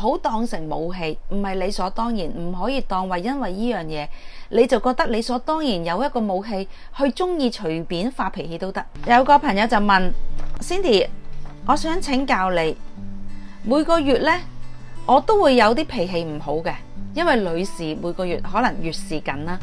好當成武器，唔係理所當然，唔可以當為，因為呢樣嘢你就覺得理所當然有一個武器去鍾意隨便發脾氣都得。有個朋友就問 Cindy，我想請教你，每個月呢，我都會有啲脾氣唔好嘅，因為女士每個月可能月事緊啦，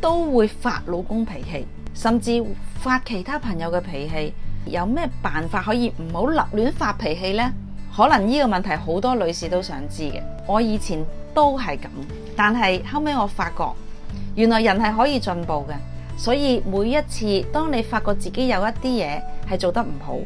都會發老公脾氣，甚至發其他朋友嘅脾氣，有咩辦法可以唔好立亂發脾氣呢？」可能呢個問題好多女士都想知嘅，我以前都係咁，但係後尾我發覺，原來人係可以進步嘅，所以每一次當你發覺自己有一啲嘢係做得唔好，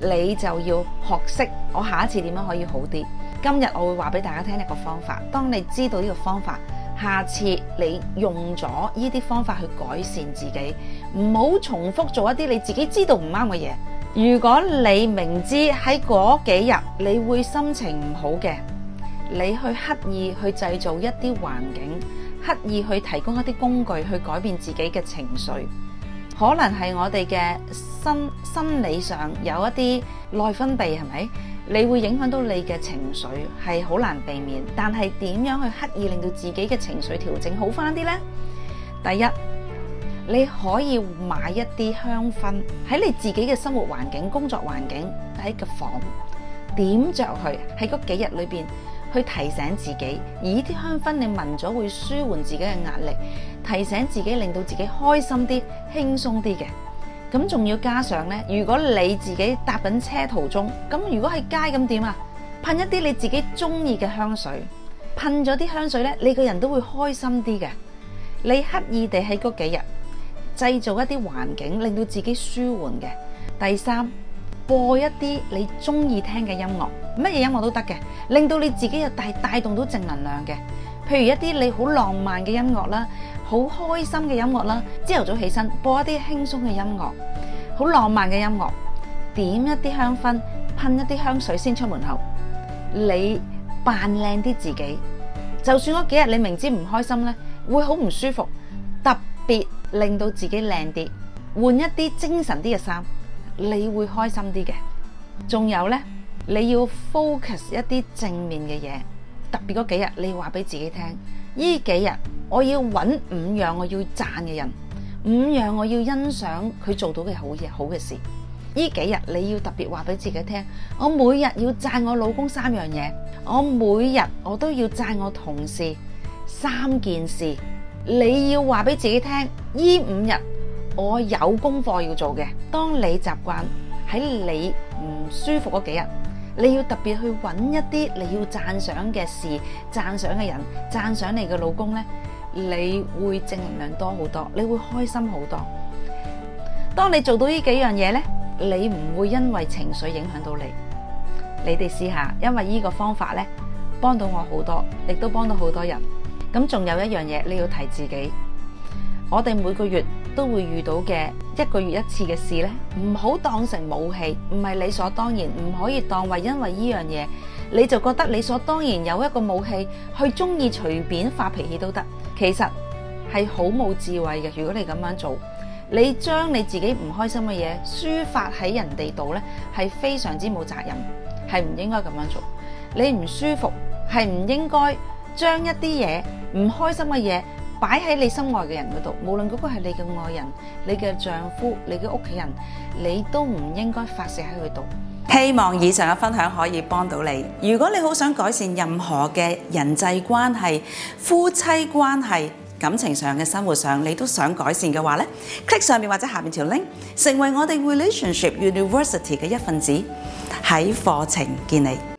你就要學識，我下一次點樣可以好啲。今日我會話俾大家聽一個方法，當你知道呢個方法，下次你用咗呢啲方法去改善自己，唔好重複做一啲你自己知道唔啱嘅嘢。如果你明知喺嗰幾日你會心情唔好嘅，你去刻意去製造一啲環境，刻意去提供一啲工具去改變自己嘅情緒，可能係我哋嘅心心理上有一啲內分泌，係咪？你會影響到你嘅情緒，係好難避免。但係點樣去刻意令到自己嘅情緒調整好翻啲咧？第一，你可以買一啲香薰，喺你自己嘅生活環境、工作環境，喺個房點着佢，喺嗰幾日裏邊去提醒自己，而啲香薰，你聞咗會舒緩自己嘅壓力，提醒自己令到自己開心啲、輕鬆啲嘅。咁仲要加上呢，如果你自己搭緊車途中，咁如果喺街咁點啊，噴一啲你自己中意嘅香水，噴咗啲香水呢，你個人都會開心啲嘅。你刻意地喺嗰幾日。製造一啲環境，令到自己舒緩嘅。第三，播一啲你中意聽嘅音樂，乜嘢音樂都得嘅，令到你自己又帶帶動到正能量嘅。譬如一啲你好浪漫嘅音樂啦，好開心嘅音樂啦。朝頭早起身播一啲輕鬆嘅音樂，好浪漫嘅音樂，點一啲香薰，噴一啲香水先出門口。你扮靚啲自己，就算嗰幾日你明知唔開心咧，會好唔舒服，特別。令到自己靚啲，換一啲精神啲嘅衫，你會開心啲嘅。仲有呢，你要 focus 一啲正面嘅嘢。特別嗰幾日，你話俾自己聽：「呢幾日我要揾五樣我要讚嘅人，五樣我要欣賞佢做到嘅好嘢、好嘅事。呢幾日你要特別話俾自己聽：「我每日要讚我老公三樣嘢，我每日我都要讚我同事三件事。你要話俾自己聽，依五日我有功課要做嘅。當你習慣喺你唔舒服嗰幾日，你要特別去揾一啲你要讚賞嘅事、讚賞嘅人、讚賞你嘅老公呢，你會正能量多好多，你會開心好多。當你做到呢幾樣嘢呢，你唔會因為情緒影響到你。你哋試下，因為呢個方法呢，幫到我好多，亦都幫到好多人。咁仲有一樣嘢，你要提自己，我哋每個月都會遇到嘅一個月一次嘅事呢，唔好當成武器，唔係理所當然，唔可以當為因為呢樣嘢你就覺得理所當然有一個武器去中意隨便發脾氣都得，其實係好冇智慧嘅。如果你咁樣做，你將你自己唔開心嘅嘢抒發喺人哋度呢，係非常之冇責任，係唔應該咁樣做。你唔舒服，係唔應該將一啲嘢唔開心嘅嘢擺喺你心愛嘅人嗰度，無論嗰個係你嘅愛人、你嘅丈夫、你嘅屋企人，你都唔應該發洩喺佢度。希望以上嘅分享可以幫到你。如果你好想改善任何嘅人際關係、夫妻關係、感情上嘅生活上,你都想改善嘅話呢，click 上面或者下面條 link，成為我哋 Relationship University 嘅一份子，喺課程見你。